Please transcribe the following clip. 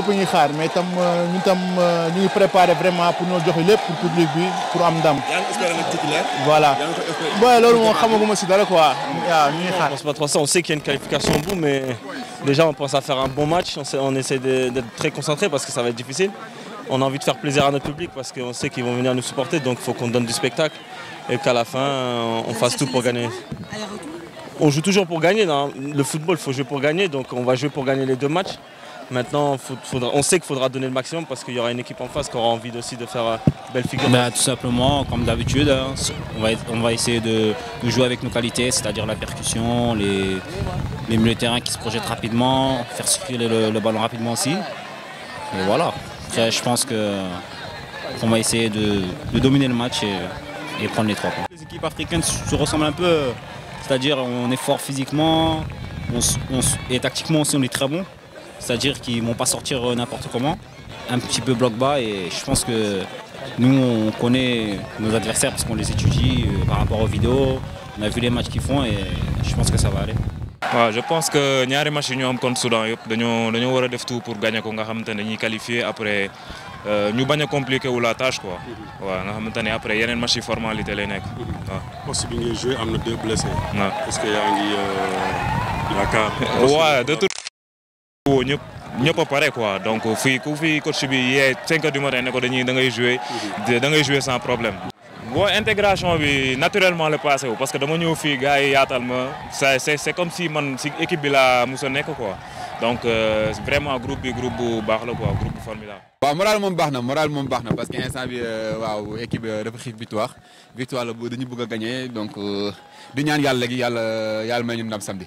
vraiment pour public pour voilà on sait qu'il y a une qualification au bout mais déjà on pense à faire un bon match on, essaie d'être très concentré parce que ça va être difficile. On a envie de faire plaisir à notre public parce qu'on sait qu'ils vont venir nous supporter donc il faut qu'on donne du spectacle et qu'à la fin on fasse tout pour gagner. On joue toujours pour gagner. le football, il faut jouer pour gagner donc on va jouer pour gagner les deux matchs. Maintenant, on sait qu'il faudra donner le maximum parce qu'il y aura une équipe en face qui aura envie aussi de faire euh, belle figure. Bah, tout simplement, comme d'habitude, hein, on, va, essayer de, jouer avec nos qualités, c'est-à-dire la percussion, les, milieux de terrain qui se projettent rapidement, faire circuler le, ballon rapidement aussi. Et voilà. Après, je pense qu'on va essayer de, dominer le match et, prendre les trois points. Les équipes africaines se ressemblent un peu, euh, c'est-à-dire on est fort physiquement et tactiquement aussi on est très bon c'est-à-dire qu'ils ne vont pas sortir euh, n'importe comment, un petit peu bloc bas et je pense que nous on connaît nos adversaires parce qu'on les étudie euh, par rapport aux vidéos, on a vu les matchs qu'ils font et je pense que ça va aller. je pense que nous avons une ñu contre Soudan Nous dañoo tout pour gagner ko nga nous ne qualifier après nous, euh, bañ compliqué compliquer la tâche quoi. il mhm. nga a après il match yi formalité machine nekk mhm. waaw. possible joué deux blessés. Parce qu'il y a un ngi de tout woo ñëpp ñëpp quoi donc fii ku fi coach bi yee 5 heures du matin ne ko dañuy da ngay jouer da ngay jouer sans problème. bon intégration bi naturellement le passé parce que dama ñëw fii gars yi yaatal ma c'est c'est comme si man équipe bi la mos quoi donc euh, vraiment groupe bi groupe bu baax la quoi groupe bu formidable. waaw moral moom baax moral moom baax na parce que instant bi euh, waaw équipe euh, dafa xiif victoire victoire la bu dañu bëgg a gagner donc di ñaan yàlla léegi yàlla yàlla may ñu ndam samedi.